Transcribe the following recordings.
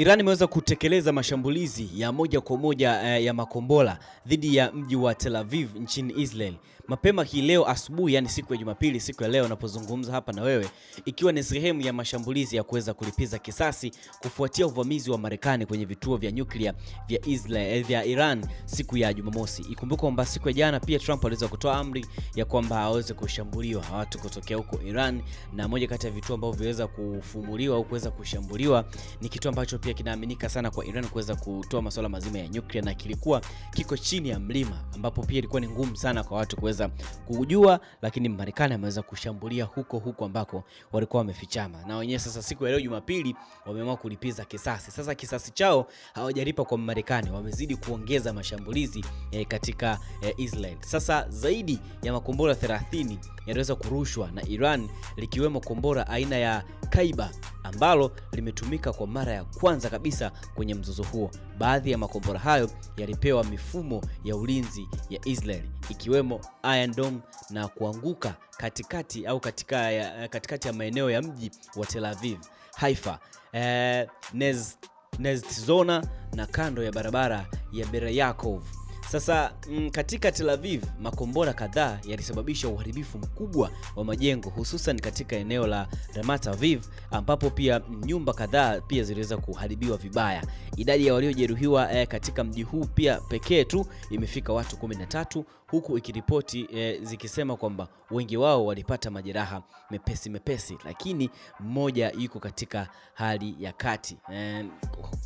Iran imeweza kutekeleza mashambulizi ya moja kwa moja eh, ya makombora dhidi ya mji wa Tel Aviv nchini Israel mapema hii leo asubuhi, yani siku ya Jumapili, siku ya leo napozungumza hapa na wewe, ikiwa ni sehemu ya mashambulizi ya kuweza kulipiza kisasi kufuatia uvamizi wa Marekani kwenye vituo vya nyuklia vya Israel, eh, vya Iran siku ya Jumamosi. Ikumbuke kwamba siku ya jana pia Trump aliweza kutoa amri ya kwamba aweze kushambuliwa watu kutokea huko Iran, na moja kati ya vituo ambavyo viweza kufumuliwa au kuweza kushambuliwa ni kitu ambacho pia pia kinaaminika sana kwa Iran kuweza kutoa masuala mazima ya nyuklia, na kilikuwa kiko chini ya mlima, ambapo pia ilikuwa ni ngumu sana kwa watu kuweza kujua, lakini Marekani ameweza kushambulia huko huko ambako walikuwa wamefichama, na wenyewe sasa siku ya leo Jumapili wameamua kulipiza kisasi. Sasa kisasi chao hawajalipa kwa Marekani, wamezidi kuongeza mashambulizi eh, katika eh, Israel. Sasa zaidi ya makombora 30 yaliweza kurushwa na Iran likiwemo kombora aina ya Kaiba ambalo limetumika kwa mara ya kwanza kabisa kwenye mzozo huo. Baadhi ya makombora hayo yalipewa mifumo ya ulinzi ya Israel ikiwemo Iron Dome na kuanguka katikati au katika ya, katikati ya maeneo ya mji wa Tel Aviv, Haifa, eh, Nez, Neztzona na kando ya barabara ya Bereyakov. Sasa m, mm, katika Tel Aviv makombora kadhaa yalisababisha uharibifu mkubwa wa majengo hususan katika eneo la Ramat Aviv ambapo pia nyumba kadhaa pia ziliweza kuharibiwa vibaya. Idadi ya waliojeruhiwa eh, katika mji huu pia pekee tu imefika watu 13 huku ikiripoti eh, zikisema kwamba wengi wao walipata majeraha mepesi mepesi, lakini mmoja yuko katika hali ya kati. Eh,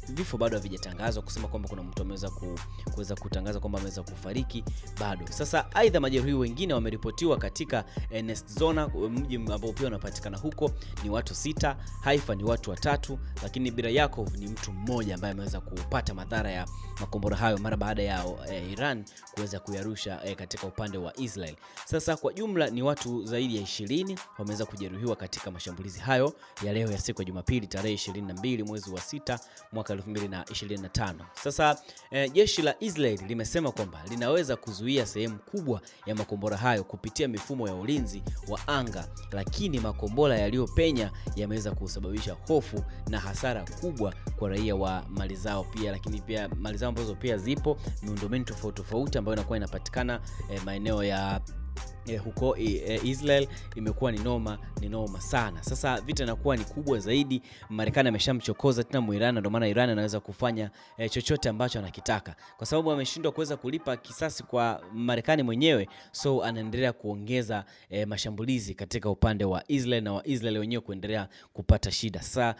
vifo bado havijatangazwa kusema kwamba kuna mtu ameweza kuweza kutangaza kwamba ameweza kufariki bado. Sasa aidha majeruhi wengine wameripotiwa katika eh, Nest Zona, mji ambao pia unapatikana huko, ni watu sita Haifa ni watu watatu, lakini Bila Yakov ni mtu mmoja ambaye ameweza kupata madhara ya makombora hayo mara baada ya eh, Iran kuweza kuyarusha eh, katika upande wa Israel. Sasa kwa jumla ni watu zaidi ya ishirini wameweza kujeruhiwa katika mashambulizi hayo ya leo ya siku ya Jumapili tarehe mbili mwezi wa sita mwaka tano Sasa eh, jeshi la Israel limesema kwamba linaweza kuzuia sehemu kubwa ya makombora hayo kupitia mifumo ya ulinzi wa anga, lakini makombora yaliyopenya yameweza inaweza kusababisha hofu na hasara kubwa kwa raia wa mali zao pia, lakini pia mali zao ambazo pia zipo miundombinu tofauti tofauti ambayo inakuwa inapatikana eh, maeneo ya Eh, huko eh, eh, Israel imekuwa ni noma ni noma sana. Sasa vita inakuwa ni kubwa zaidi. Marekani ameshamchokoza tena Muiran, ndio maana Iran anaweza kufanya eh, chochote ambacho anakitaka, kwa sababu ameshindwa kuweza kulipa kisasi kwa Marekani mwenyewe, so anaendelea kuongeza eh, mashambulizi katika upande wa Israel na wa Israel wenyewe kuendelea kupata shida sasa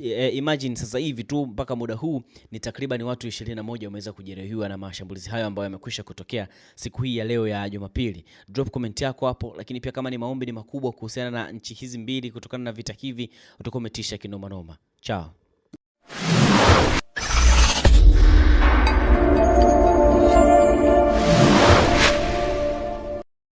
eh, imagine sasa hivi tu mpaka muda huu ni takriban watu 21 wameweza kujeruhiwa na mashambulizi hayo ambayo yamekwisha kutokea siku hii ya leo ya Jumapili. Drop comment yako hapo, lakini pia kama ni maombi ni makubwa kuhusiana na nchi hizi mbili kutokana na vita hivi, utakuwa umetisha kinoma noma. Chao.